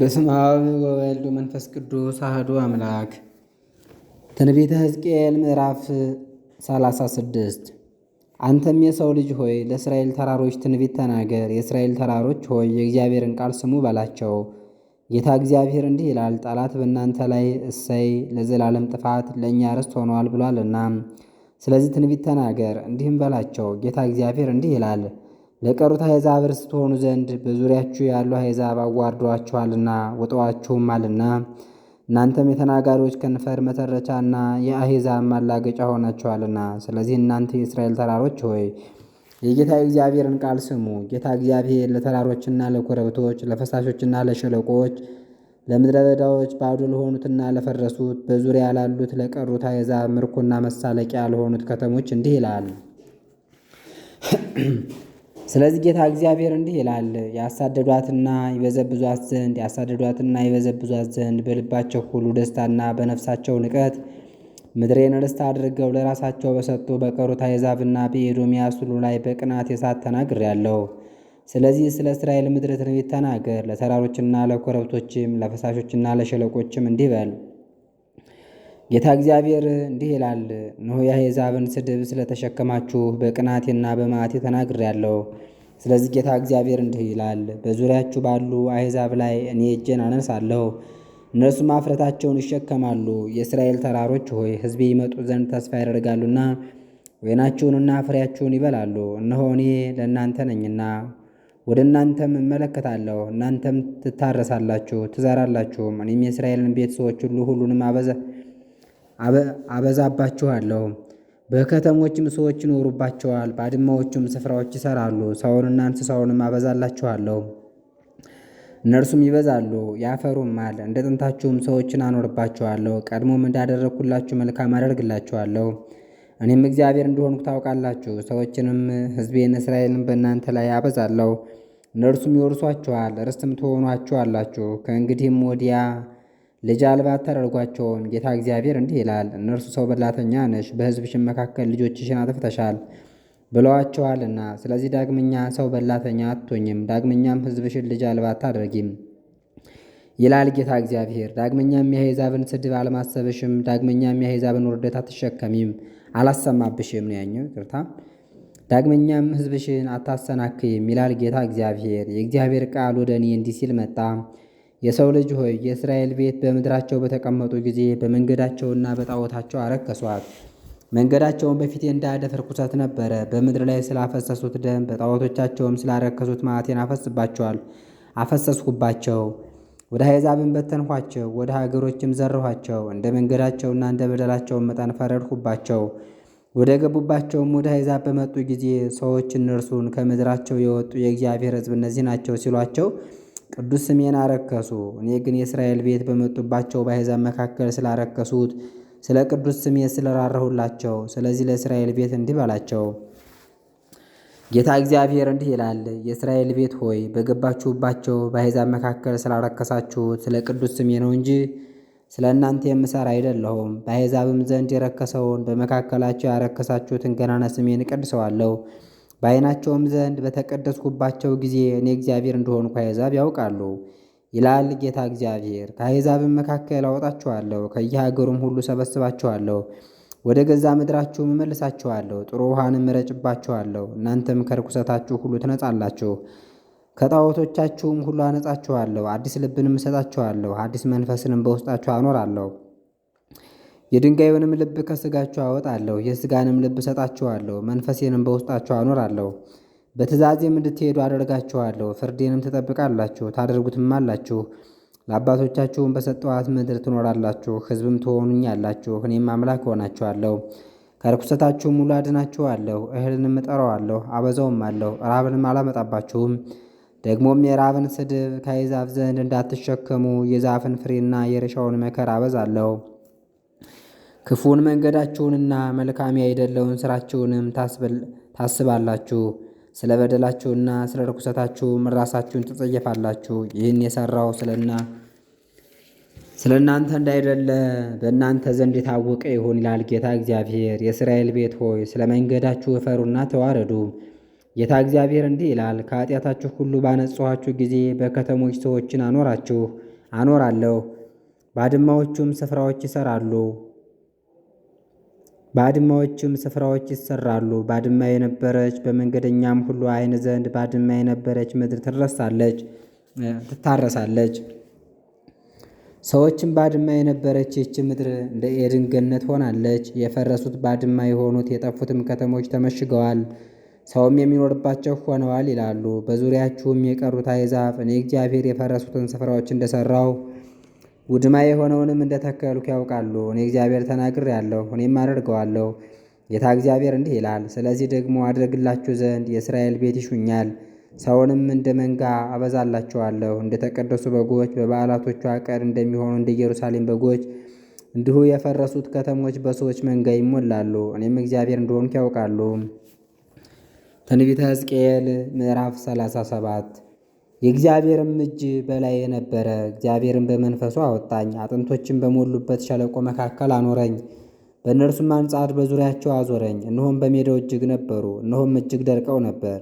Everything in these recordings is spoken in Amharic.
በስም አብ ወወልድ መንፈስ ቅዱስ አህዱ አምላክ። ትንቢተ ሕዝቅኤል ምዕራፍ 36 አንተም የሰው ልጅ ሆይ ለእስራኤል ተራሮች ትንቢት ተናገር፣ የእስራኤል ተራሮች ሆይ የእግዚአብሔርን ቃል ስሙ በላቸው። ጌታ እግዚአብሔር እንዲህ ይላል፣ ጠላት በእናንተ ላይ እሰይ ለዘላለም ጥፋት ለእኛ ርስት ሆኗል ብሏልና፣ ስለዚህ ትንቢት ተናገር፣ እንዲህም በላቸው፣ ጌታ እግዚአብሔር እንዲህ ይላል ለቀሩት አሕዛብ ርስት ትሆኑ ዘንድ በዙሪያችሁ ያሉ አሕዛብ አዋርዷችኋልና ውጠዋችሁማልና እናንተም የተናጋሪዎች ከንፈር መተረቻና የአሕዛብ ማላገጫ ሆናችኋልና። ስለዚህ እናንተ የእስራኤል ተራሮች ሆይ የጌታ እግዚአብሔርን ቃል ስሙ። ጌታ እግዚአብሔር ለተራሮችና ለኮረብቶች፣ ለፈሳሾችና ለሸለቆዎች፣ ለምድረ በዳዎች፣ ባዶ ለሆኑትና ለፈረሱት፣ በዙሪያ ላሉት ለቀሩት አሕዛብ ምርኮና መሳለቂያ ለሆኑት ከተሞች እንዲህ ይላል ስለዚህ ጌታ እግዚአብሔር እንዲህ ይላል፣ ያሳደዷትና ይበዘብዟት ዘንድ ያሳደዷትና ይበዘብዟት ዘንድ በልባቸው ሁሉ ደስታና በነፍሳቸው ንቀት ምድሬን ርስት አድርገው ለራሳቸው በሰጡ በቀሩት አሕዛብና በኤዶምያስ ሁሉ ላይ በቅናት የሳት ተናግሬአለሁ። ስለዚህ ስለ እስራኤል ምድር ትንቢት ተናገር፣ ለተራሮችና ለኮረብቶችም ለፈሳሾችና ለሸለቆችም እንዲህ በል ጌታ እግዚአብሔር እንዲህ ይላል፣ እነሆ የአሕዛብን ስድብ ስለተሸከማችሁ በቅናቴና በመዓቴ ተናግሬአለሁ። ስለዚህ ጌታ እግዚአብሔር እንዲህ ይላል፣ በዙሪያችሁ ባሉ አሕዛብ ላይ እኔ እጄን አነሳለሁ፣ እነርሱም አፍረታቸውን ይሸከማሉ። የእስራኤል ተራሮች ሆይ ሕዝቤ ይመጡ ዘንድ ተስፋ ያደርጋሉና ወይናችሁንና ፍሬያችሁን ይበላሉ። እነሆ እኔ ለእናንተ ነኝና ወደ እናንተም እመለከታለሁ። እናንተም ትታረሳላችሁ፣ ትዘራላችሁም። እኔም የእስራኤልን ቤት ሰዎች ሁሉ ሁሉንም አበዛ አበዛባችኋለሁ። በከተሞችም ሰዎች ይኖሩባቸዋል፣ ባድማዎቹም ስፍራዎች ይሰራሉ። ሰውንና እንስሳውንም አበዛላችኋለሁ። እነርሱም ይበዛሉ ያፈሩማል። እንደ ጥንታችሁም ሰዎችን አኖርባችኋለሁ። ቀድሞም እንዳደረግኩላችሁ መልካም አደርግላችኋለሁ። እኔም እግዚአብሔር እንደሆንኩ ታውቃላችሁ። ሰዎችንም ሕዝቤን እስራኤልን በእናንተ ላይ አበዛለሁ። እነርሱም ይወርሷችኋል፣ ርስትም ትሆኗችኋላችሁ። ከእንግዲህም ወዲያ ልጅ አልባ አታደርጓቸውም። ጌታ እግዚአብሔር እንዲህ ይላል፣ እነርሱ ሰው በላተኛ ነሽ፣ በሕዝብሽም መካከል ልጆችሽን አጥፍተሻል ብለዋቸዋልና፣ ስለዚህ ዳግመኛ ሰው በላተኛ አትሆኝም፣ ዳግመኛም ሕዝብሽን ልጅ አልባ አታደርጊም ይላል ጌታ እግዚአብሔር። ዳግመኛም የአሕዛብን ስድብ አለማሰብሽም፣ ዳግመኛም የአሕዛብን ውርደት አትሸከሚም፣ አላሰማብሽም ነው ያኘው ይቅርታ ዳግመኛም ሕዝብሽን አታሰናክይም ይላል ጌታ እግዚአብሔር። የእግዚአብሔር ቃል ወደ እኔ እንዲህ ሲል መጣ። የሰው ልጅ ሆይ የእስራኤል ቤት በምድራቸው በተቀመጡ ጊዜ በመንገዳቸውና በጣዖታቸው አረከሷት። መንገዳቸውን በፊቴ እንዳያደፍ ርኩሰት ነበረ። በምድር ላይ ስላፈሰሱት ደም በጣዖቶቻቸውም ስላረከሱት መዓቴን አፈስባቸዋል አፈሰስኩባቸው። ወደ አሕዛብን በተንኋቸው፣ ወደ ሀገሮችም ዘርኋቸው። እንደ መንገዳቸውና እንደ በደላቸውም መጠን ፈረድሁባቸው። ወደ ገቡባቸውም ወደ አሕዛብ በመጡ ጊዜ ሰዎች እነርሱን ከምድራቸው የወጡ የእግዚአብሔር ሕዝብ እነዚህ ናቸው ሲሏቸው ቅዱስ ስሜን አረከሱ። እኔ ግን የእስራኤል ቤት በመጡባቸው ባሕዛብ መካከል ስላረከሱት ስለ ቅዱስ ስሜ ስለራረሁላቸው፣ ስለዚህ ለእስራኤል ቤት እንዲህ በላቸው፣ ጌታ እግዚአብሔር እንዲህ ይላል፣ የእስራኤል ቤት ሆይ በገባችሁባቸው ባሕዛብ መካከል ስላረከሳችሁት ስለ ቅዱስ ስሜ ነው እንጂ ስለ እናንተ የምሰር አይደለሁም። በአሕዛብም ዘንድ የረከሰውን በመካከላቸው ያረከሳችሁትን ገናና ስሜን እቀድሰዋለሁ። በዓይናቸውም ዘንድ በተቀደስኩባቸው ጊዜ እኔ እግዚአብሔር እንደሆንኩ አሕዛብ ያውቃሉ ይላል ጌታ እግዚአብሔር። ከአሕዛብም መካከል አወጣችኋለሁ፣ ከየሀገሩም ሁሉ ሰበስባችኋለሁ፣ ወደ ገዛ ምድራችሁም እመልሳችኋለሁ። ጥሩ ውሃንም እረጭባችኋለሁ፣ እናንተም ከርኩሰታችሁ ሁሉ ትነጻላችሁ። ከጣዖቶቻችሁም ሁሉ አነጻችኋለሁ። አዲስ ልብንም እሰጣችኋለሁ፣ አዲስ መንፈስንም በውስጣችሁ አኖራለሁ። የድንጋዩንም ልብ ከስጋችሁ አወጣለሁ፣ የስጋንም ልብ እሰጣችኋለሁ፣ መንፈሴንም በውስጣችሁ አኖራለሁ። በትእዛዜም እንድትሄዱ አደርጋችኋለሁ። ፍርዴንም ትጠብቃላችሁ፣ ታደርጉትም አላችሁ። ለአባቶቻችሁም በሰጠዋት ምድር ትኖራላችሁ፣ ሕዝብም ትሆኑኛላችሁ። እኔም አምላክ እሆናችኋለሁ፣ ከርኩሰታችሁም ሙሉ አድናችኋለሁ። እህልንም እጠረዋለሁ፣ አበዛውም አለሁ፣ ራብንም አላመጣባችሁም። ደግሞም የራብን ስድብ ከአሕዛብ ዘንድ እንዳትሸከሙ የዛፍን ፍሬና የእርሻውን መከር አበዛለሁ። ክፉን መንገዳችሁንና መልካም ያይደለውን ሥራችሁንም ታስባላችሁ። ስለ በደላችሁና ስለ ርኩሰታችሁም ራሳችሁን ትጸየፋላችሁ። ይህን የሠራው ስለና ስለ እናንተ እንዳይደለ በእናንተ ዘንድ የታወቀ ይሁን ይላል ጌታ እግዚአብሔር። የእስራኤል ቤት ሆይ ስለ መንገዳችሁ እፈሩና ተዋረዱ። ጌታ እግዚአብሔር እንዲህ ይላል፣ ከኃጢአታችሁ ሁሉ ባነጽኋችሁ ጊዜ በከተሞች ሰዎችን አኖራችሁ አኖራለሁ፣ ባድማዎቹም ስፍራዎች ይሠራሉ ባድማዎችም ስፍራዎች ይሰራሉ። ባድማ የነበረች በመንገደኛም ሁሉ ዓይን ዘንድ ባድማ የነበረች ምድር ትረሳለች ትታረሳለች። ሰዎችም ባድማ የነበረች ይች ምድር እንደ ኤድን ገነት ሆናለች። የፈረሱት ባድማ የሆኑት የጠፉትም ከተሞች ተመሽገዋል፣ ሰውም የሚኖርባቸው ሆነዋል ይላሉ። በዙሪያችሁም የቀሩት አሕዛብ እኔ እግዚአብሔር የፈረሱትን ስፍራዎች እንደሠራው ውድማ የሆነውንም እንደተከልኩ ያውቃሉ። እኔ እግዚአብሔር ያለሁ እኔም አደርገዋለሁ። ጌታ እግዚአብሔር እንዲህ ይላል። ስለዚህ ደግሞ አድርግላችሁ ዘንድ የእስራኤል ቤት ይሹኛል። ሰውንም እንደ መንጋ አበዛላችኋለሁ። እንደ ተቀደሱ በጎች በበዓላቶቿ ቀን እንደሚሆኑ እንደ ኢየሩሳሌም በጎች እንዲሁ የፈረሱት ከተሞች በሰዎች መንጋ ይሞላሉ። እኔም እግዚአብሔር እንደሆንኩ ያውቃሉ። ትንቢተ ሕዝቅኤል ምዕራፍ 37 የእግዚአብሔርም እጅ በላይ ነበረ። እግዚአብሔርም በመንፈሱ አወጣኝ፣ አጥንቶችም በሞሉበት ሸለቆ መካከል አኖረኝ። በእነርሱም አንጻር በዙሪያቸው አዞረኝ። እነሆም በሜዳው እጅግ ነበሩ፣ እነሆም እጅግ ደርቀው ነበር።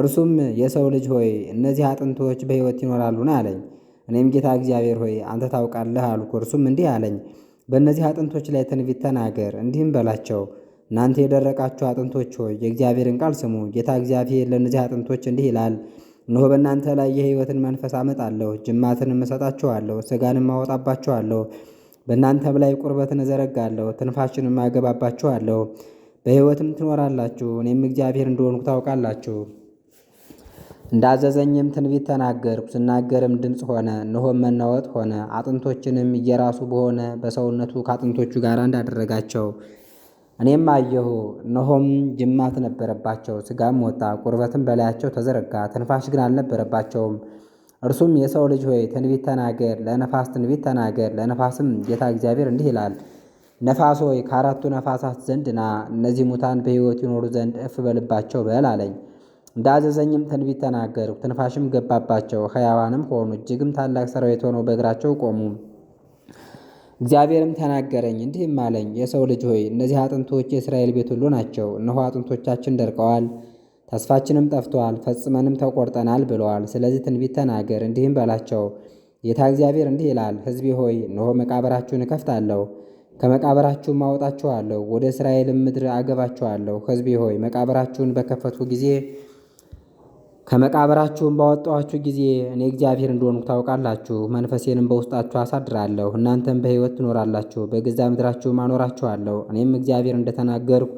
እርሱም የሰው ልጅ ሆይ እነዚህ አጥንቶች በሕይወት ይኖራሉን? አለኝ። እኔም ጌታ እግዚአብሔር ሆይ አንተ ታውቃለህ አልኩ። እርሱም እንዲህ አለኝ፣ በእነዚህ አጥንቶች ላይ ትንቢት ተናገር፣ እንዲህም በላቸው እናንተ የደረቃችሁ አጥንቶች ሆይ የእግዚአብሔርን ቃል ስሙ። ጌታ እግዚአብሔር ለእነዚህ አጥንቶች እንዲህ ይላል እነሆ በእናንተ ላይ የሕይወትን መንፈስ አመጣለሁ፣ ጅማትንም እሰጣችኋለሁ፣ ሥጋንም አወጣባችኋለሁ። በእናንተም ላይ ቁርበትን እዘረጋለሁ፣ ትንፋሽንም አገባባችኋለሁ፣ በሕይወትም ትኖራላችሁ። እኔም እግዚአብሔር እንደሆንኩ ታውቃላችሁ። እንዳዘዘኝም ትንቢት ተናገርኩ። ስናገርም ድምፅ ሆነ፣ እነሆም መናወጥ ሆነ። አጥንቶችንም እየራሱ በሆነ በሰውነቱ ከአጥንቶቹ ጋር እንዳደረጋቸው እኔም አየሁ፣ እነሆም ጅማት ነበረባቸው፣ ስጋም ወጣ፣ ቁርበትም በላያቸው ተዘረጋ፣ ትንፋሽ ግን አልነበረባቸውም። እርሱም የሰው ልጅ ሆይ ትንቢት ተናገር፣ ለነፋስ ትንቢት ተናገር፣ ለነፋስም ጌታ እግዚአብሔር እንዲህ ይላል ነፋስ ሆይ ከአራቱ ነፋሳት ዘንድ ና፣ እነዚህ ሙታን በሕይወት ይኖሩ ዘንድ እፍ በልባቸው በል አለኝ። እንዳዘዘኝም ትንቢት ተናገርኩ፣ ትንፋሽም ገባባቸው፣ ሕያዋንም ሆኑ፣ እጅግም ታላቅ ሰራዊት ሆነው በእግራቸው ቆሙ። እግዚአብሔርም ተናገረኝ እንዲህም አለኝ፣ የሰው ልጅ ሆይ እነዚህ አጥንቶች የእስራኤል ቤት ሁሉ ናቸው። እነሆ አጥንቶቻችን ደርቀዋል፣ ተስፋችንም ጠፍተዋል፣ ፈጽመንም ተቆርጠናል ብለዋል። ስለዚህ ትንቢት ተናገር እንዲህም በላቸው፣ ጌታ እግዚአብሔር እንዲህ ይላል፣ ሕዝቤ ሆይ እነሆ መቃብራችሁን እከፍታለሁ፣ ከመቃብራችሁም አወጣችኋለሁ፣ ወደ እስራኤልም ምድር አገባችኋለሁ። ሕዝቤ ሆይ መቃብራችሁን በከፈትኩ ጊዜ ከመቃብራችሁም ባወጣኋችሁ ጊዜ እኔ እግዚአብሔር እንደሆንኩ ታውቃላችሁ። መንፈሴንም በውስጣችሁ አሳድራለሁ፣ እናንተም በሕይወት ትኖራላችሁ፣ በገዛ ምድራችሁም አኖራችኋለሁ። እኔም እግዚአብሔር እንደተናገርኩ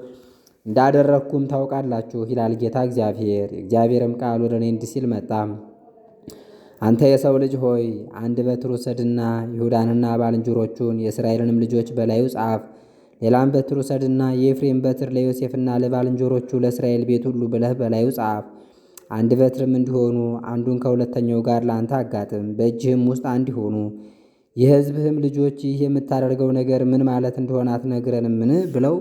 እንዳደረግኩም ታውቃላችሁ፣ ይላል ጌታ እግዚአብሔር። የእግዚአብሔርም ቃል ወደ እኔ እንዲህ ሲል መጣ። አንተ የሰው ልጅ ሆይ አንድ በትር ውሰድና ይሁዳንና ባልንጀሮቹን የእስራኤልንም ልጆች በላዩ ጻፍ። ሌላም በትር ውሰድና የኤፍሬም በትር ለዮሴፍና ለባልንጀሮቹ ለእስራኤል ቤት ሁሉ ብለህ በላዩ ጻፍ። አንድ በትርም እንዲሆኑ አንዱን ከሁለተኛው ጋር ላንተ አጋጥም፣ በእጅህም ውስጥ አንድ ይሁኑ። የሕዝብህም ልጆች ይህ የምታደርገው ነገር ምን ማለት እንደሆነ አትነግረንምን? ብለው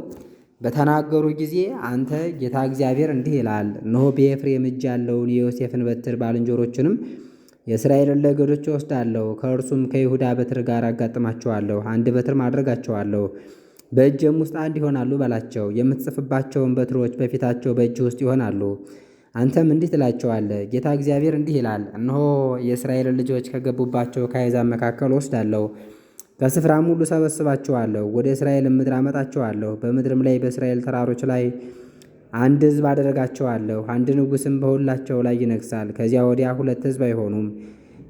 በተናገሩ ጊዜ አንተ ጌታ እግዚአብሔር እንዲህ ይላል፣ እነሆ በኤፍሬም እጅ ያለውን የዮሴፍን በትር ባልንጀሮችንም የእስራኤልን ለገዶች እወስዳለሁ፣ ከእርሱም ከይሁዳ በትር ጋር አጋጥማቸዋለሁ፣ አንድ በትርም አድርጋቸዋለሁ፣ በእጅም ውስጥ አንድ ይሆናሉ በላቸው። የምትጽፍባቸውን በትሮች በፊታቸው በእጅ ውስጥ ይሆናሉ አንተም እንዲህ ትላቸዋለህ ጌታ እግዚአብሔር እንዲህ ይላል፣ እነሆ የእስራኤልን ልጆች ከገቡባቸው ከአሕዛብ መካከል ወስዳለሁ፣ በስፍራም ሁሉ ሰበስባቸዋለሁ፣ ወደ እስራኤልን ምድር አመጣቸዋለሁ። በምድርም ላይ በእስራኤል ተራሮች ላይ አንድ ሕዝብ አደረጋቸዋለሁ፣ አንድ ንጉሥም በሁላቸው ላይ ይነግሳል። ከዚያ ወዲያ ሁለት ሕዝብ አይሆኑም፣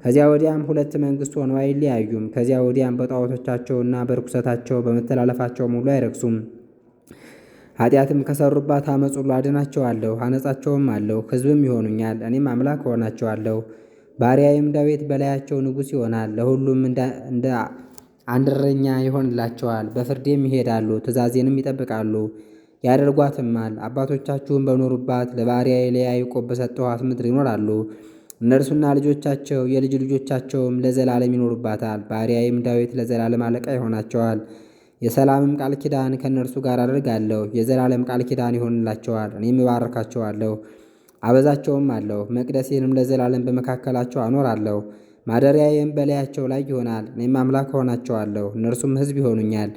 ከዚያ ወዲያም ሁለት መንግሥት ሆነው አይለያዩም። ከዚያ ወዲያም በጣዖቶቻቸውና በርኩሰታቸው በመተላለፋቸው ሁሉ አይረክሱም። ኃጢአትም ከሰሩባት አመፅ ሁሉ አድናቸዋለሁ፣ አነጻቸውም አለሁ፣ ሕዝብም ይሆኑኛል፣ እኔም አምላክ ሆናቸዋለሁ። ባሪያዬም ዳዊት በላያቸው ንጉሥ ይሆናል፣ ለሁሉም እንደ አንድረኛ ይሆንላቸዋል። በፍርዴም ይሄዳሉ፣ ትእዛዜንም ይጠብቃሉ ያደርጓትማል። አባቶቻችሁን በኖሩባት ለባሪያዬ ለያዕቆብ በሰጠኋት ምድር ይኖራሉ። እነርሱና ልጆቻቸው የልጅ ልጆቻቸውም ለዘላለም ይኖሩባታል። ባሪያዬም ዳዊት ለዘላለም አለቃ ይሆናቸዋል። የሰላምም ቃል ኪዳን ከእነርሱ ጋር አደርጋለሁ። የዘላለም ቃል ኪዳን ይሆንላቸዋል። እኔም እባርካቸዋለሁ፣ አበዛቸውም አለሁ። መቅደሴንም ለዘላለም በመካከላቸው አኖራለሁ። ማደሪያዬም በላያቸው ላይ ይሆናል። እኔም አምላክ ሆናቸዋለሁ፣ እነርሱም ሕዝብ ይሆኑኛል።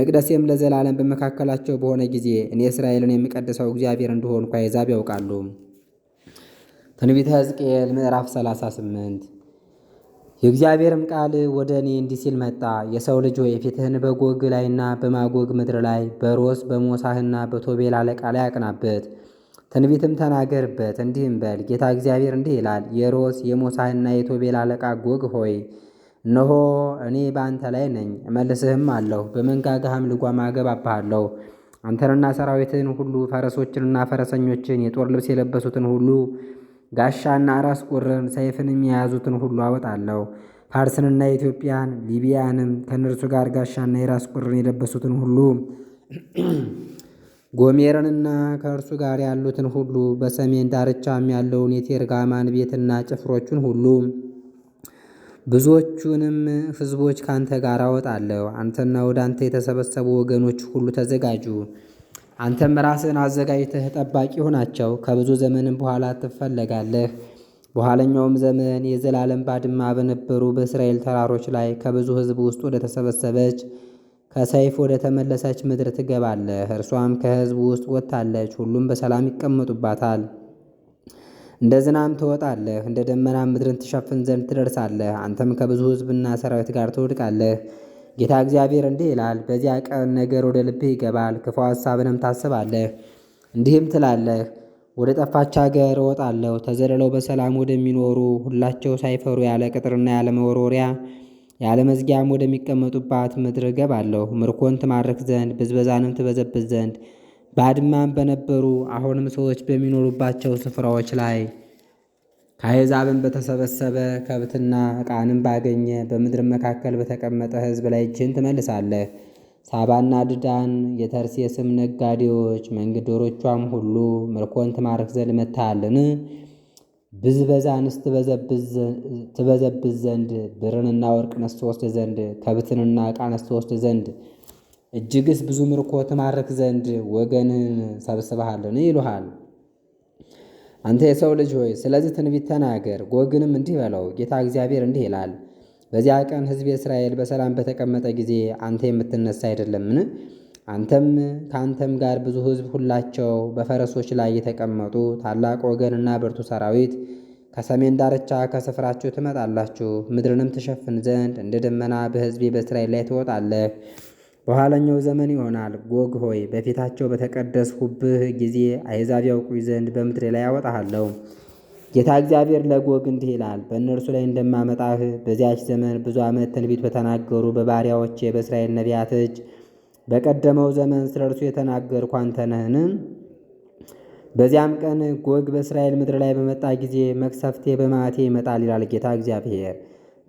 መቅደሴም ለዘላለም በመካከላቸው በሆነ ጊዜ እኔ እስራኤልን የምቀድሰው እግዚአብሔር እንደሆንኩ አሕዛብ ያውቃሉ። ትንቢተ ሕዝቅኤል ምዕራፍ 38 የእግዚአብሔርም ቃል ወደ እኔ እንዲህ ሲል መጣ። የሰው ልጅ ሆይ ፊትህን በጎግ ላይና በማጎግ ምድር ላይ በሮስ በሞሳህና በቶቤል አለቃ ላይ አቅናበት፣ ትንቢትም ተናገርበት፣ እንዲህም በል ጌታ እግዚአብሔር እንዲህ ይላል፣ የሮስ የሞሳህና የቶቤል አለቃ ጎግ ሆይ እነሆ እኔ በአንተ ላይ ነኝ፣ እመልስህም አለሁ፣ በመንጋጋህም ልጓም አገባብሃለሁ። አንተንና ሰራዊትን ሁሉ ፈረሶችንና ፈረሰኞችን የጦር ልብስ የለበሱትን ሁሉ ጋሻና ራስ ቁርን ሰይፍንም የያዙትን ሁሉ አወጣለሁ። ፋርስንና ኢትዮጵያን፣ ሊቢያንም ከእነርሱ ጋር ጋሻና የራስ ቁርን የለበሱትን ሁሉ ጎሜርንና ከእርሱ ጋር ያሉትን ሁሉ በሰሜን ዳርቻም ያለውን የቴርጋማን ቤትና ጭፍሮቹን ሁሉ ብዙዎቹንም ሕዝቦች ካንተ ጋር አወጣለሁ። አንተና ወደ አንተ የተሰበሰቡ ወገኖች ሁሉ ተዘጋጁ። አንተም ራስህን አዘጋጅተህ ጠባቂ ሆናቸው። ከብዙ ዘመንም በኋላ ትፈለጋለህ። በኋለኛውም ዘመን የዘላለም ባድማ በነበሩ በእስራኤል ተራሮች ላይ ከብዙ ሕዝብ ውስጥ ወደ ተሰበሰበች ከሰይፍ ወደ ተመለሰች ምድር ትገባለህ። እርሷም ከሕዝብ ውስጥ ወጥታለች፣ ሁሉም በሰላም ይቀመጡባታል። እንደ ዝናም ትወጣለህ፣ እንደ ደመና ምድርን ትሸፍን ዘንድ ትደርሳለህ። አንተም ከብዙ ሕዝብና ሰራዊት ጋር ትወድቃለህ። ጌታ እግዚአብሔር እንዲህ ይላል፣ በዚያ ቀን ነገር ወደ ልብህ ይገባል፣ ክፉ ሐሳብንም ታስባለህ፣ እንዲህም ትላለህ፣ ወደ ጠፋች አገር እወጣለሁ፣ ተዘልለው በሰላም ወደሚኖሩ ሁላቸው ሳይፈሩ ያለ ቅጥርና ያለ መወርወሪያ ያለ መዝጊያም ወደሚቀመጡባት ምድር እገባለሁ። ምርኮን ትማርክ ዘንድ ብዝበዛንም ትበዘብዝ ዘንድ ባድማም በነበሩ አሁንም ሰዎች በሚኖሩባቸው ስፍራዎች ላይ ከአሕዛብም በተሰበሰበ ከብትና ዕቃንም ባገኘ በምድር መካከል በተቀመጠ ሕዝብ ላይ እጅን ትመልሳለህ። ሳባና ድዳን የተርሴስም ነጋዴዎች መንግዶሮቿም ሁሉ ምርኮን ትማርክ ዘንድ መጥተሃልን? ብዝበዛንስ ትበዘብዝ ዘንድ ብርንና ወርቅንስ ትወስድ ዘንድ ከብትንና ዕቃንስ ትወስድ ዘንድ እጅግስ ብዙ ምርኮ ትማርክ ዘንድ ወገንህን ሰብስበሃልን? ይሉሃል። አንተ የሰው ልጅ ሆይ ስለዚህ ትንቢት ተናገር፣ ጎግንም እንዲህ በለው፣ ጌታ እግዚአብሔር እንዲህ ይላል፣ በዚያ ቀን ሕዝብ እስራኤል በሰላም በተቀመጠ ጊዜ አንተ የምትነሳ አይደለምን? አንተም ከአንተም ጋር ብዙ ሕዝብ ሁላቸው በፈረሶች ላይ የተቀመጡ ታላቅ ወገንና ብርቱ ሰራዊት ከሰሜን ዳርቻ ከስፍራችሁ ትመጣላችሁ። ምድርንም ትሸፍን ዘንድ እንደ ደመና በሕዝቤ በእስራኤል ላይ ትወጣለህ። በኋለኛው ዘመን ይሆናል። ጎግ ሆይ በፊታቸው በተቀደስሁብህ ጊዜ አሕዛብ ያውቁኝ ዘንድ በምድሬ ላይ ያወጣሃለሁ። ጌታ እግዚአብሔር ለጎግ እንዲህ ይላል፣ በእነርሱ ላይ እንደማመጣህ በዚያች ዘመን ብዙ ዓመት ትንቢት በተናገሩ በባሪያዎቼ በእስራኤል ነቢያት እጅ በቀደመው ዘመን ስለ እርሱ የተናገርኩ አንተ ነህን? በዚያም ቀን ጎግ በእስራኤል ምድር ላይ በመጣ ጊዜ መቅሰፍቴ በማቴ ይመጣል ይላል ጌታ እግዚአብሔር።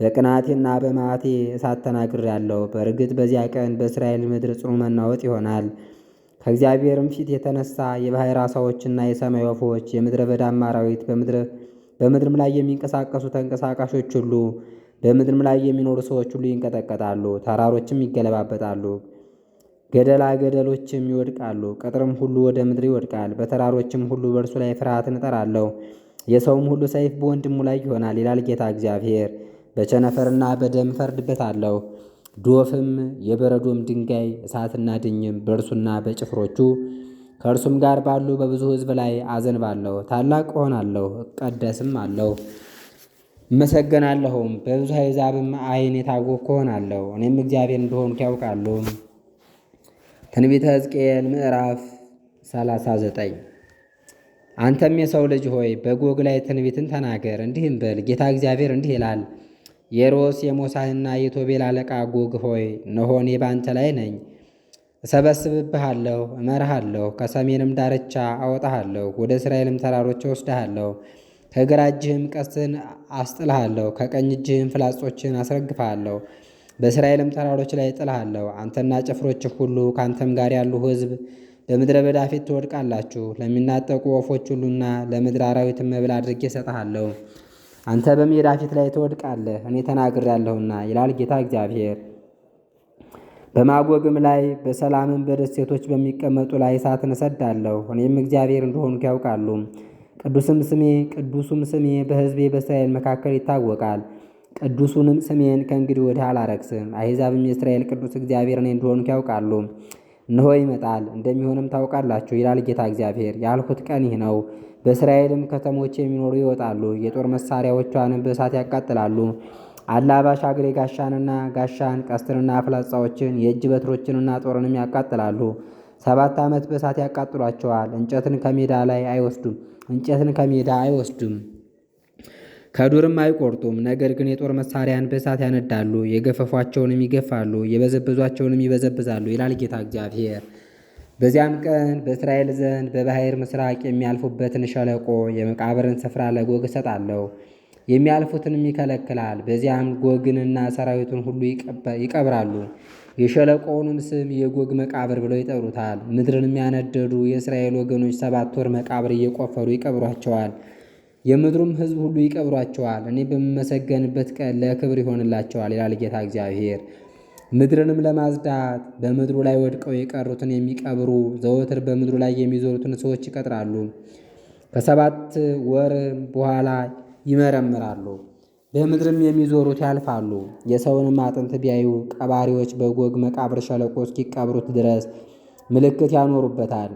በቅናቴና በማቴ እሳት ተናግሬአለሁ። በእርግጥ በዚያ ቀን በእስራኤል ምድር ጽኑ መናወጥ ይሆናል። ከእግዚአብሔርም ፊት የተነሳ የባሕር ዓሣዎችና የሰማይ ወፎች፣ የምድረ በዳም አራዊት፣ በምድርም ላይ የሚንቀሳቀሱ ተንቀሳቃሾች ሁሉ፣ በምድርም ላይ የሚኖሩ ሰዎች ሁሉ ይንቀጠቀጣሉ። ተራሮችም ይገለባበጣሉ፣ ገደላ ገደሎችም ይወድቃሉ። ቅጥርም ሁሉ ወደ ምድር ይወድቃል። በተራሮችም ሁሉ በእርሱ ላይ ፍርሃትን እጠራለሁ። የሰውም ሁሉ ሰይፍ በወንድሙ ላይ ይሆናል፣ ይላል ጌታ እግዚአብሔር። በቸነፈርና በደም ፈርድበታለሁ። ዶፍም የበረዶም ድንጋይ እሳትና ድኝም በእርሱና በጭፍሮቹ ከእርሱም ጋር ባሉ በብዙ ሕዝብ ላይ አዘንባለሁ። ታላቅ እሆናለሁ፣ እቀደስም አለሁ፣ እመሰገናለሁም። በብዙ አሕዛብም ዓይን የታወቅ እሆናለሁ። እኔም እግዚአብሔር እንደሆንኩ ያውቃሉ። ትንቢተ ሕዝቅኤል ምዕራፍ 39 አንተም የሰው ልጅ ሆይ በጎግ ላይ ትንቢትን ተናገር፣ እንዲህም በል ጌታ እግዚአብሔር እንዲህ ይላል የሮስ የሞሳህና የቶቤል አለቃ ጎግ ሆይ እነሆ እኔ ባንተ ላይ ነኝ። እሰበስብብሃለሁ፣ እመርሃለሁ፣ ከሰሜንም ዳርቻ አወጣሃለሁ፣ ወደ እስራኤልም ተራሮች ወስደሃለሁ። ከግራ እጅህም ቀስትን አስጥልሃለሁ፣ ከቀኝ እጅህም ፍላጾችን አስረግፍሃለሁ፣ በእስራኤልም ተራሮች ላይ እጥልሃለሁ። አንተና ጭፍሮችህ ሁሉ ከአንተም ጋር ያሉ ሕዝብ በምድረ በዳ ፊት ትወድቃላችሁ። ለሚናጠቁ ወፎች ሁሉና ለምድር አራዊትም መብል አድርጌ እሰጥሃለሁ። አንተ በሜዳ ፊት ላይ ትወድቃለህ፣ እኔ ተናግሬያለሁና ይላል ጌታ እግዚአብሔር። በማጎግም ላይ በሰላምም በደሴቶች በሚቀመጡ ላይ እሳትን እሰዳለሁ፣ እኔም እግዚአብሔር እንደሆንኩ ያውቃሉ። ቅዱስም ስሜ ቅዱሱም ስሜ በሕዝቤ በእስራኤል መካከል ይታወቃል። ቅዱሱንም ስሜን ከእንግዲህ ወዲህ አላረክስም። አሕዛብም የእስራኤል ቅዱስ እግዚአብሔር እኔ እንደሆንኩ ያውቃሉ። እነሆ ይመጣል፣ እንደሚሆንም ታውቃላችሁ ይላል ጌታ እግዚአብሔር። ያልሁት ቀን ይህ ነው። በእስራኤልም ከተሞች የሚኖሩ ይወጣሉ፣ የጦር መሳሪያዎቿንም በእሳት ያቃጥላሉ። አላባሽ አግሬ ጋሻንና ጋሻን ቀስትንና ፍላጻዎችን የእጅ በትሮችንና ጦርንም ያቃጥላሉ። ሰባት ዓመት በእሳት ያቃጥሏቸዋል። እንጨትን ከሜዳ ላይ አይወስዱም እንጨትን ከሜዳ አይወስዱም ከዱርም አይቆርጡም። ነገር ግን የጦር መሳሪያን በእሳት ያነዳሉ፣ የገፈፏቸውንም ይገፋሉ፣ የበዘበዟቸውንም ይበዘብዛሉ ይላል ጌታ እግዚአብሔር። በዚያም ቀን በእስራኤል ዘንድ በባሕር ምስራቅ የሚያልፉበትን ሸለቆ የመቃብርን ስፍራ ለጎግ እሰጣለሁ፣ የሚያልፉትንም ይከለክላል። በዚያም ጎግንና ሰራዊቱን ሁሉ ይቀብራሉ። የሸለቆውንም ስም የጎግ መቃብር ብለው ይጠሩታል። ምድርንም ያነደዱ የእስራኤል ወገኖች ሰባት ወር መቃብር እየቆፈሩ ይቀብሯቸዋል። የምድሩም ሕዝብ ሁሉ ይቀብሯቸዋል። እኔ በምመሰገንበት ቀን ለክብር ይሆንላቸዋል፣ ይላል ጌታ እግዚአብሔር። ምድርንም ለማጽዳት በምድሩ ላይ ወድቀው የቀሩትን የሚቀብሩ ዘወትር በምድሩ ላይ የሚዞሩትን ሰዎች ይቀጥራሉ። ከሰባት ወር በኋላ ይመረምራሉ። በምድርም የሚዞሩት ያልፋሉ። የሰውንም አጥንት ቢያዩ ቀባሪዎች በጎግ መቃብር ሸለቆ እስኪቀብሩት ድረስ ምልክት ያኖሩበታል።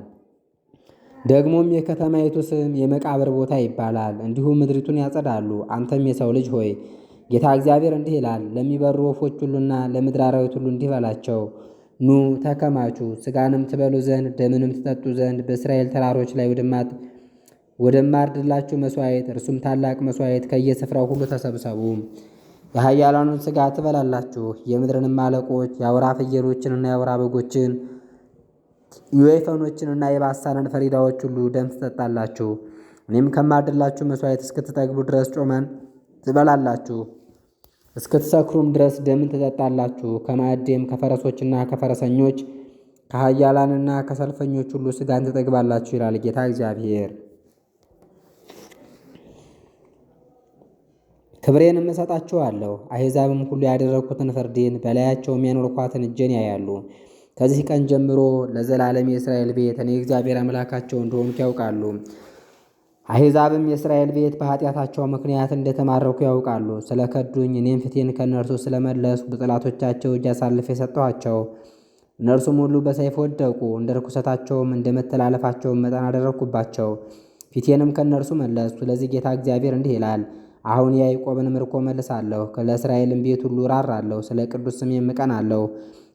ደግሞም የከተማይቱ ስም የመቃብር ቦታ ይባላል። እንዲሁም ምድሪቱን ያጸዳሉ። አንተም የሰው ልጅ ሆይ ጌታ እግዚአብሔር እንዲህ ይላል፣ ለሚበሩ ወፎች ሁሉና ለምድር አራዊት ሁሉ እንዲህ በላቸው፣ ኑ ተከማቹ፣ ስጋንም ትበሉ ዘንድ ደምንም ትጠጡ ዘንድ በእስራኤል ተራሮች ላይ ወደማርድላችሁ መስዋየት እርሱም ታላቅ መሥዋዕት ከየስፍራው ሁሉ ተሰብሰቡ። የኃያላኑን ስጋ ትበላላችሁ፣ የምድርንም አለቆች የአውራ ፍየሎችንና የአውራ በጎችን የወይፈኖችንና የባሳንን ፈሪዳዎች ሁሉ ደም ትጠጣላችሁ። እኔም ከማርድላችሁ መሥዋዕት እስክትጠግቡ ድረስ ጮመን ትበላላችሁ። እስክትሰክሩም ድረስ ደምን ትጠጣላችሁ። ከማዕዴም ከፈረሶችና ከፈረሰኞች ከኃያላንና ከሰልፈኞች ሁሉ ስጋን ትጠግባላችሁ ይላል ጌታ እግዚአብሔር። ክብሬንም እሰጣችኋለሁ፣ አሕዛብም ሁሉ ያደረግኩትን ፍርዴን በላያቸውም ያኖርኳትን እጄን ያያሉ። ከዚህ ቀን ጀምሮ ለዘላለም የእስራኤል ቤት እኔ እግዚአብሔር አምላካቸው እንደሆንኩ ያውቃሉ። አሕዛብም የእስራኤል ቤት በኃጢአታቸው ምክንያት እንደተማረኩ ያውቃሉ። ስለ ከዱኝ እኔም ፊቴን ከእነርሱ ስለመለሱ በጠላቶቻቸው እጅ አሳልፌ የሰጠኋቸው። እነርሱም ሁሉ በሰይፍ ወደቁ። እንደ ርኩሰታቸውም እንደ መተላለፋቸውም መጠን አደረግኩባቸው። ፊቴንም ከእነርሱ መለሱ። ስለዚህ ጌታ እግዚአብሔር እንዲህ ይላል፣ አሁን የያዕቆብን ምርኮ መልሳለሁ፣ ለእስራኤልም ቤት ሁሉ ራራለሁ፣ ስለ ቅዱስ ስም የምቀናለሁ።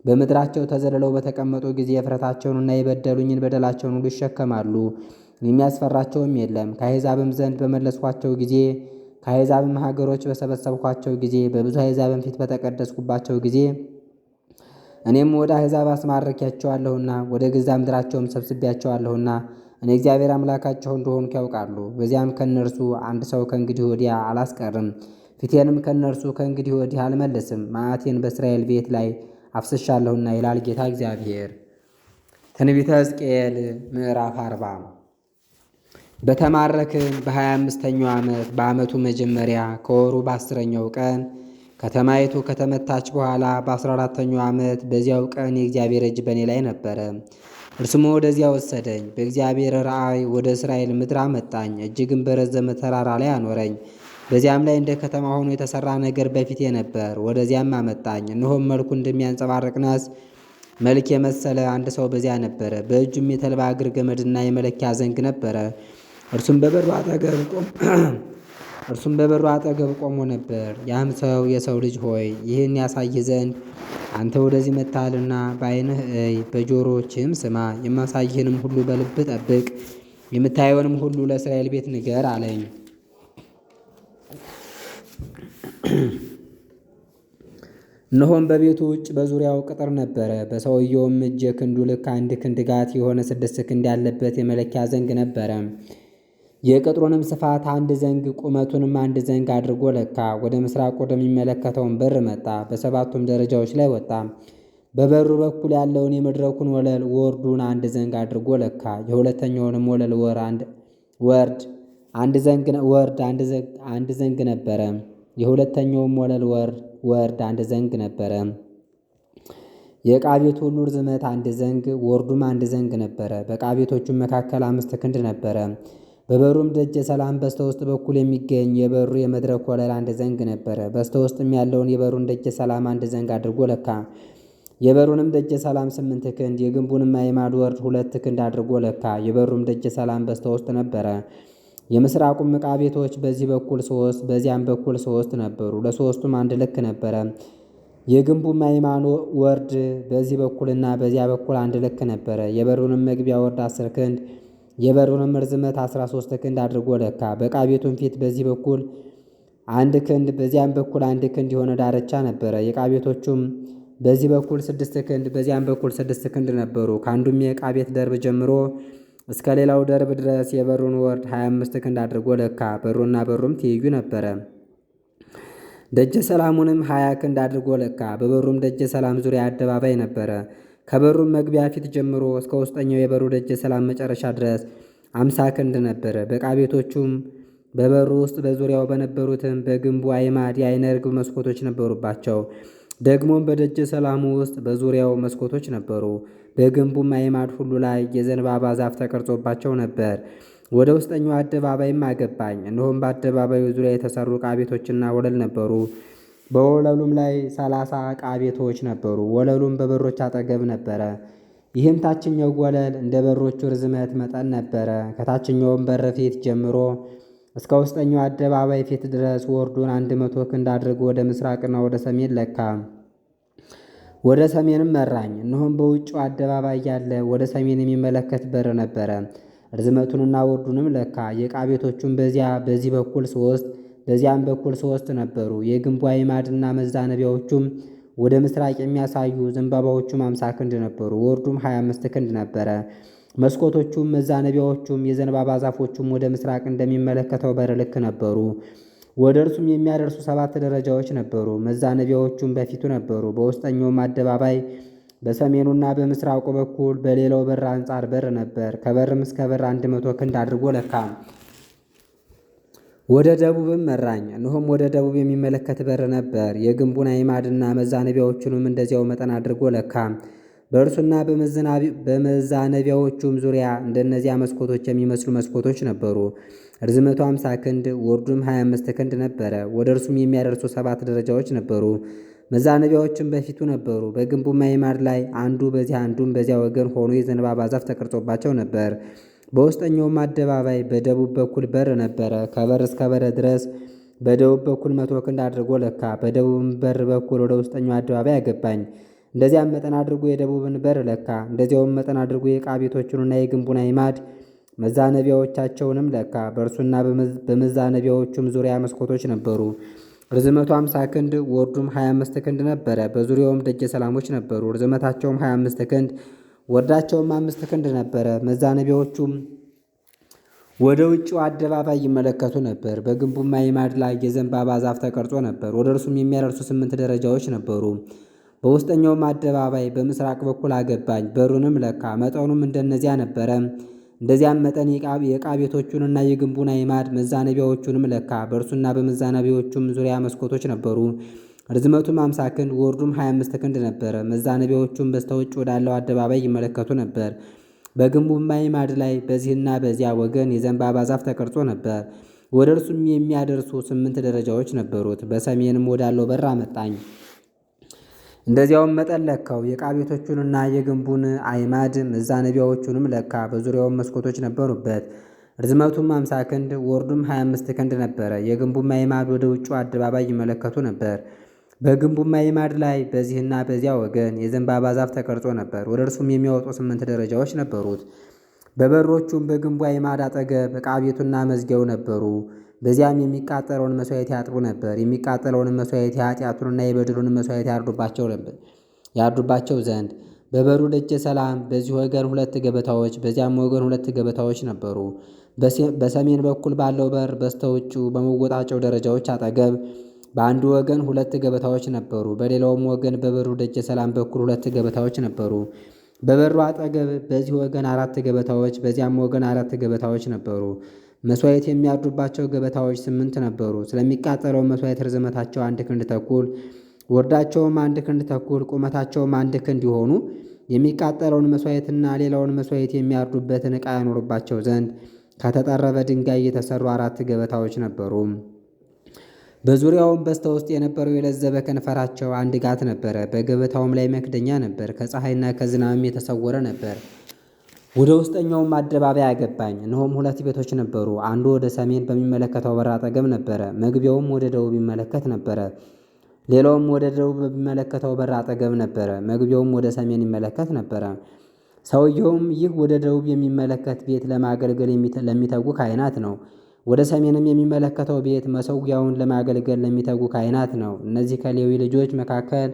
በምድራቸው ተዘልለው በተቀመጡ ጊዜ እፍረታቸውንና የበደሉኝን በደላቸውን ሁሉ ይሸከማሉ። የሚያስፈራቸውም የለም። ከአሕዛብም ዘንድ በመለስኳቸው ጊዜ ከአሕዛብም ሀገሮች በሰበሰብኳቸው ጊዜ በብዙ አሕዛብም ፊት በተቀደስኩባቸው ጊዜ እኔም ወደ አሕዛብ አስማርኪያቸዋለሁና ወደ ገዛ ምድራቸውም ሰብስቢያቸዋለሁና እኔ እግዚአብሔር አምላካቸው እንደሆንኩ ያውቃሉ። በዚያም ከእነርሱ አንድ ሰው ከእንግዲህ ወዲያ አላስቀርም፣ ፊቴንም ከእነርሱ ከእንግዲህ ወዲህ አልመልስም፣ መዓቴን በእስራኤል ቤት ላይ አፍስሻለሁና ይላል ጌታ እግዚአብሔር። ትንቢተ ሕዝቅኤል ምዕራፍ አርባ በተማረክን በ 25 አምስተኛው ዓመት በዓመቱ መጀመሪያ ከወሩ በአስረኛው ቀን ከተማይቱ ከተመታች በኋላ በ 14 ተኛው ዓመት በዚያው ቀን የእግዚአብሔር እጅ በእኔ ላይ ነበረ። እርሱም ወደዚያ ወሰደኝ። በእግዚአብሔር ራእይ ወደ እስራኤል ምድር አመጣኝ። እጅግም በረዘመ ተራራ ላይ አኖረኝ። በዚያም ላይ እንደ ከተማ ሆኖ የተሰራ ነገር በፊቴ ነበር። ወደዚያም አመጣኝ። እነሆም መልኩ እንደሚያንጸባርቅ ናስ መልክ የመሰለ አንድ ሰው በዚያ ነበረ። በእጁም የተልባ እግር ገመድና የመለኪያ ዘንግ ነበረ። እርሱም በበሩ አጠገብ ቆም እርሱም በበሩ አጠገብ ቆሞ ነበር። ያም ሰው የሰው ልጅ ሆይ ይህን ያሳይ ዘንድ አንተ ወደዚህ መጥተሃልና በዓይንህ እይ፣ በጆሮችህም ስማ፣ የማሳይህንም ሁሉ በልብ ጠብቅ፣ የምታየውንም ሁሉ ለእስራኤል ቤት ንገር አለኝ። እነሆም በቤቱ ውጭ በዙሪያው ቅጥር ነበረ። በሰውየውም እጅ የክንዱ ልክ አንድ ክንድ ጋት የሆነ ስድስት ክንድ ያለበት የመለኪያ ዘንግ ነበረ። የቅጥሩንም ስፋት አንድ ዘንግ ቁመቱንም አንድ ዘንግ አድርጎ ለካ። ወደ ምስራቅ ወደሚመለከተውን በር መጣ። በሰባቱም ደረጃዎች ላይ ወጣ። በበሩ በኩል ያለውን የመድረኩን ወለል ወርዱን አንድ ዘንግ አድርጎ ለካ። የሁለተኛውንም ወለል ወር አንድ ወርድ አንድ ዘንግ ወርድ አንድ ዘንግ ነበረ። የሁለተኛውም ወለል ወርድ አንድ ዘንግ ነበረ። የዕቃ ቤቱ ሁሉ ርዝመት አንድ ዘንግ ወርዱም አንድ ዘንግ ነበረ። በዕቃ ቤቶቹም መካከል አምስት ክንድ ነበረ። በበሩም ደጀ ሰላም በስተ ውስጥ በኩል የሚገኝ የበሩ የመድረክ ወለል አንድ ዘንግ ነበረ። በስተ ውስጥም ያለውን የበሩን ደጀ ሰላም አንድ ዘንግ አድርጎ ለካ። የበሩንም ደጀ ሰላም ስምንት ክንድ የግንቡንም አይማድ ወርድ ሁለት ክንድ አድርጎ ለካ። የበሩም ደጀ ሰላም በስተ ውስጥ ነበረ። የምስራቁም ዕቃ ቤቶች በዚህ በኩል ሶስት በዚያም በኩል ሶስት ነበሩ። ለሶስቱም አንድ ልክ ነበረ። የግንቡም አይማን ወርድ በዚህ በኩልና በዚያ በኩል አንድ ልክ ነበረ። የበሩንም መግቢያ ወርድ አስር ክንድ የበሩንም ርዝመት 13 ክንድ አድርጎ ለካ። በዕቃ ቤቱም ፊት በዚህ በኩል አንድ ክንድ በዚያም በኩል አንድ ክንድ የሆነ ዳርቻ ነበረ። የዕቃ ቤቶቹም በዚህ በኩል ስድስት ክንድ በዚያም በኩል ስድስት ክንድ ነበሩ። ከአንዱም የዕቃ ቤት ደርብ ጀምሮ እስከ ሌላው ደርብ ድረስ የበሩን ወርድ 25 ክንድ አድርጎ ለካ። በሩና በሩም ትይዩ ነበረ። ደጀ ሰላሙንም 20 ክንድ አድርጎ ለካ። በበሩም ደጀ ሰላም ዙሪያ አደባባይ ነበረ። ከበሩም መግቢያ ፊት ጀምሮ እስከ ውስጠኛው የበሩ ደጀ ሰላም መጨረሻ ድረስ አምሳ ክንድ ነበረ። በዕቃ ቤቶቹም በበሩ ውስጥ በዙሪያው በነበሩትም በግንቡ አይማድ የአይነ ርግብ መስኮቶች ነበሩባቸው። ደግሞም በደጀ ሰላሙ ውስጥ በዙሪያው መስኮቶች ነበሩ። በግንቡም አይማድ ሁሉ ላይ የዘንባባ ዛፍ ተቀርጾባቸው ነበር። ወደ ውስጠኛው አደባባይም አገባኝ። እነሆም በአደባባዩ ዙሪያ የተሰሩ ዕቃ ቤቶችና ወለል ነበሩ። በወለሉም ላይ ሰላሳ ዕቃ ቤቶች ነበሩ። ወለሉም በበሮች አጠገብ ነበረ። ይህም ታችኛው ወለል እንደ በሮቹ ርዝመት መጠን ነበረ። ከታችኛውም በር ፊት ጀምሮ እስከ ውስጠኛው አደባባይ ፊት ድረስ ወርዱን አንድ መቶ ክንድ አድርጎ ወደ ምስራቅና ወደ ሰሜን ለካ። ወደ ሰሜንም መራኝ። እነሆም በውጭው አደባባይ ያለ ወደ ሰሜን የሚመለከት በር ነበረ። ርዝመቱንና ወርዱንም ለካ። የዕቃ በዚያ በዚህ በኩል ሶስት በዚያም በኩል ሶስት ነበሩ። የግንቡ አዕማድና መዛነቢያዎቹም ወደ ምስራቅ የሚያሳዩ ዘንባባዎቹም አምሳ ክንድ ነበሩ። ወርዱም ሀያ አምስት ክንድ ነበረ። መስኮቶቹም መዛነቢያዎቹም የዘንባባ ዛፎቹም ወደ ምስራቅ እንደሚመለከተው በር ልክ ነበሩ። ወደ እርሱም የሚያደርሱ ሰባት ደረጃዎች ነበሩ። መዛነቢያዎቹም በፊቱ ነበሩ። በውስጠኛውም አደባባይ በሰሜኑና በምስራቁ በኩል በሌላው በር አንጻር በር ነበር። ከበርም እስከ በር አንድ መቶ ክንድ አድርጎ ለካ። ወደ ደቡብም መራኝ። እነሆም ወደ ደቡብ የሚመለከት በር ነበር። የግንቡን አይማድና መዛነቢያዎቹንም እንደዚያው መጠን አድርጎ ለካ። በእርሱና በመዛነቢያዎቹም ዙሪያ እንደነዚያ መስኮቶች የሚመስሉ መስኮቶች ነበሩ። ርዝመቱ አምሳ ክንድ ወርዱም 25 ክንድ ነበረ። ወደ እርሱም የሚያደርሱ ሰባት ደረጃዎች ነበሩ። መዛነቢያዎችም በፊቱ ነበሩ። በግንቡም አይማድ ላይ አንዱ በዚህ አንዱም በዚያ ወገን ሆኖ የዘንባባ ዛፍ ተቀርጾባቸው ነበር። በውስጠኛውም አደባባይ በደቡብ በኩል በር ነበረ። ከበር እስከ በር ድረስ በደቡብ በኩል መቶ ክንድ አድርጎ ለካ። በደቡብም በር በኩል ወደ ውስጠኛው አደባባይ አገባኝ። እንደዚያም መጠን አድርጎ የደቡብን በር ለካ። እንደዚያውም መጠን አድርጎ የዕቃ ቤቶቹንና የግንቡን አይማድ መዛነቢያዎቻቸውንም ለካ። በእርሱና በመዛነቢያዎቹም ዙሪያ መስኮቶች ነበሩ። ርዝመቱ 50 ክንድ ወርዱም 25 ክንድ ነበረ። በዙሪያውም ደጀ ሰላሞች ነበሩ። ርዝመታቸውም 25 ክንድ ወርዳቸውም አምስት ክንድ ነበረ። መዛነቢያዎቹም ወደ ውጭው አደባባይ ይመለከቱ ነበር። በግንቡም አዕማድ ላይ የዘንባባ ዛፍ ተቀርጾ ነበር። ወደ እርሱም የሚያደርሱ ስምንት ደረጃዎች ነበሩ። በውስጠኛውም አደባባይ በምስራቅ በኩል አገባኝ። በሩንም ለካ፣ መጠኑም እንደነዚያ ነበረ። እንደዚያም መጠን የዕቃ ቤቶቹንና የግንቡን አዕማድ መዛነቢያዎቹንም ለካ። በእርሱና በመዛነቢያዎቹም ዙሪያ መስኮቶች ነበሩ። ርዝመቱም 50 ክንድ ወርዱም 25 ክንድ ነበረ። መዛነቢያዎቹም በስተውጭ ወዳለው አደባባይ ይመለከቱ ነበር። በግንቡም ማዕድ ላይ በዚህና በዚያ ወገን የዘንባባ ዛፍ ተቀርጾ ነበር። ወደ እርሱም የሚያደርሱ ስምንት ደረጃዎች ነበሩት። በሰሜንም ወዳለው በር አመጣኝ። እንደዚያውም መጠን ለካው። የዕቃ ቤቶቹንና የግንቡን አይማድ መዛነቢያዎቹንም ለካ። በዙሪያውም መስኮቶች ነበሩበት። ርዝመቱም 50 ክንድ ወርዱም 25 ክንድ ነበረ። የግንቡም አይማድ ወደ ውጩ አደባባይ ይመለከቱ ነበር። በግንቡ ማይማድ ላይ በዚህና በዚያ ወገን የዘንባባ ዛፍ ተቀርጾ ነበር። ወደ እርሱም የሚያወጡ ስምንት ደረጃዎች ነበሩት። በበሮቹም በግንቡ አይማድ አጠገብ ዕቃ ቤቱና መዝጊያው ነበሩ። በዚያም የሚቃጠለውን መስዋዕት ያጥቡ ነበር። የሚቃጠለውን መስዋዕት የኃጢአቱንና የበደሉን መስዋዕት ያርዱባቸው ነበር ያርዱባቸው ዘንድ በበሩ ደጀ ሰላም በዚህ ወገን ሁለት ገበታዎች በዚያም ወገን ሁለት ገበታዎች ነበሩ። በሰሜን በኩል ባለው በር በስተውጩ በመወጣጫው ደረጃዎች አጠገብ በአንዱ ወገን ሁለት ገበታዎች ነበሩ፣ በሌላውም ወገን በበሩ ደጀ ሰላም በኩል ሁለት ገበታዎች ነበሩ። በበሩ አጠገብ በዚህ ወገን አራት ገበታዎች፣ በዚያም ወገን አራት ገበታዎች ነበሩ። መስዋዕት የሚያርዱባቸው ገበታዎች ስምንት ነበሩ። ስለሚቃጠለው መስዋዕት ርዝመታቸው አንድ ክንድ ተኩል ወርዳቸውም አንድ ክንድ ተኩል ቁመታቸውም አንድ ክንድ ይሆኑ የሚቃጠለውን መስዋዕትና ሌላውን መስዋዕት የሚያርዱበትን ዕቃ ያኖሩባቸው ዘንድ ከተጠረበ ድንጋይ የተሰሩ አራት ገበታዎች ነበሩ። በዙሪያውም በስተ ውስጥ የነበረው የለዘበ ከንፈራቸው አንድ ጋት ነበረ። በገበታውም ላይ መክደኛ ነበር፣ ከፀሐይና ከዝናብም የተሰወረ ነበር። ወደ ውስጠኛውም አደባባይ አገባኝ። እነሆም ሁለት ቤቶች ነበሩ። አንዱ ወደ ሰሜን በሚመለከተው በር አጠገብ ነበረ፣ መግቢያውም ወደ ደቡብ ይመለከት ነበረ። ሌላውም ወደ ደቡብ በሚመለከተው በር አጠገብ ነበረ፣ መግቢያውም ወደ ሰሜን ይመለከት ነበረ። ሰውየውም ይህ ወደ ደቡብ የሚመለከት ቤት ለማገልገል ለሚተጉ ካህናት ነው ወደ ሰሜንም የሚመለከተው ቤት መሰዊያውን ለማገልገል ለሚተጉ ካህናት ነው። እነዚህ ከሌዊ ልጆች መካከል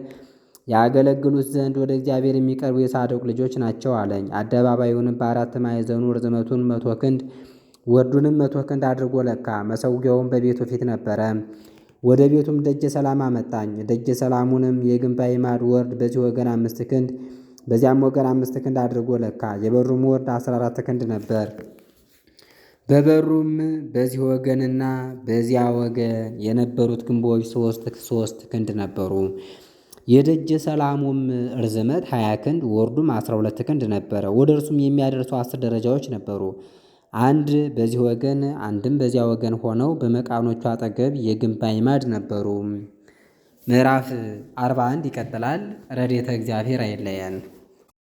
ያገለግሉት ዘንድ ወደ እግዚአብሔር የሚቀርቡ የሳዶቅ ልጆች ናቸው አለኝ። አደባባዩንም በአራት ማዕዘኑ ርዝመቱን መቶ ክንድ ወርዱንም መቶ ክንድ አድርጎ ለካ። መሰዊያውም በቤቱ ፊት ነበረ። ወደ ቤቱም ደጀ ሰላም አመጣኝ። ደጀ ሰላሙንም የግንባይ ማድ ወርድ በዚህ ወገን አምስት ክንድ በዚያም ወገን አምስት ክንድ አድርጎ ለካ። የበሩም ወርድ አስራ አራት ክንድ ነበር። በበሩም በዚህ ወገንና በዚያ ወገን የነበሩት ግንቦች ሶስት ሶስት ክንድ ነበሩ። የደጀ ሰላሙም እርዝመት ሀያ ክንድ ወርዱም አስራ ሁለት ክንድ ነበረ። ወደ እርሱም የሚያደርሱ አስር ደረጃዎች ነበሩ። አንድ በዚህ ወገን አንድም በዚያ ወገን ሆነው በመቃኖቹ አጠገብ የግንብ አዕማድ ነበሩ። ምዕራፍ 41 ይቀጥላል። ረድኤተ እግዚአብሔር አይለየን።